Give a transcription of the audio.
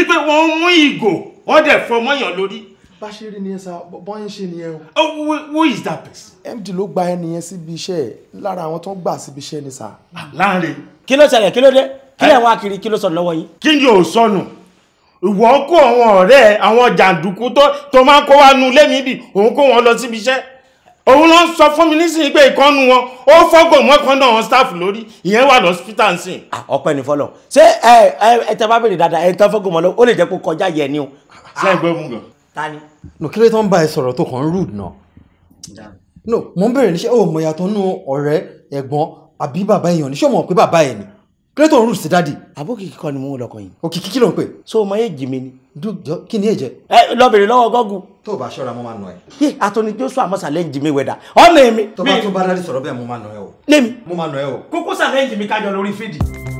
ipe wọn mú ìgò wọn dẹ̀ fọ mọ́yàn lórí. bá ṣe rí nìyẹn sá bọ́yìn ṣe nìyẹn o. Oh, who is that person. md ló gba ẹnìyẹn síbi iṣẹ́ ẹ̀ lára àwọn tó gbà síbi iṣẹ́ ni sá. láàrin. kí ló ṣẹlẹ̀ kí ló dé kí lẹ̀ wá kiri kí ló sọnù lọ́wọ́ yín. kí ni ò sọnù ìwọ kó àwọn ọ̀rẹ́ àwọn jàǹdùkú tó máa kó wa nu lẹ́mìí bì òun kó wọn lọ síbi iṣẹ́ òun ló ń sọ fún mi nísìnyí pé ìkọ́nu wọn ó fọ́gbọ̀n mọ́kàn náà wọn staff lórí ìyẹn wà lọ́sítà nsìn. Ah, ọpẹ́ ní fọlọ ṣé ẹ ẹ tẹ bá béèrè dáadáa ẹ tán fọ́gbọ̀n mọ́ lọ ó lè jẹ́ kó kọjá yẹ ni o. ṣé ẹ gbé mu gan. ta ni. no kí ló tó ń bá ẹ sọ̀rọ̀ tó kàn ń rude náà. no mo ń béèrè níṣẹ́ o mọ̀ yàtọ̀ nù ọ̀rẹ́ ẹ̀gbọ́n àbí bàbá èèyàn níṣẹ́ mọ̀ pé bàbá ẹ̀ ni kí ló tó ń rude sí dáàdì. àbókìkí kọ́ ni mo ń lọkọ̀ yìí. òkìkí kí ló ń pè. so ọmọ yẹn jì ni dùjọ kí ni èjẹ. ẹ lọ bèrè lọ́wọ́ gọgùn. tó o bá ṣọ́ra mo máa nà ẹ. yé àtọ́ni joshua mọ sàlẹ́ǹjì mi wẹ̀dà ọ̀nà èmi. tó bá tún bá dárí sọ̀rọ̀ bẹ́ẹ̀ mo máa nà ẹ o. lémi. mo máa nà ẹ o. kókó sàlẹ́ǹjì mi kájọ lórí fídì.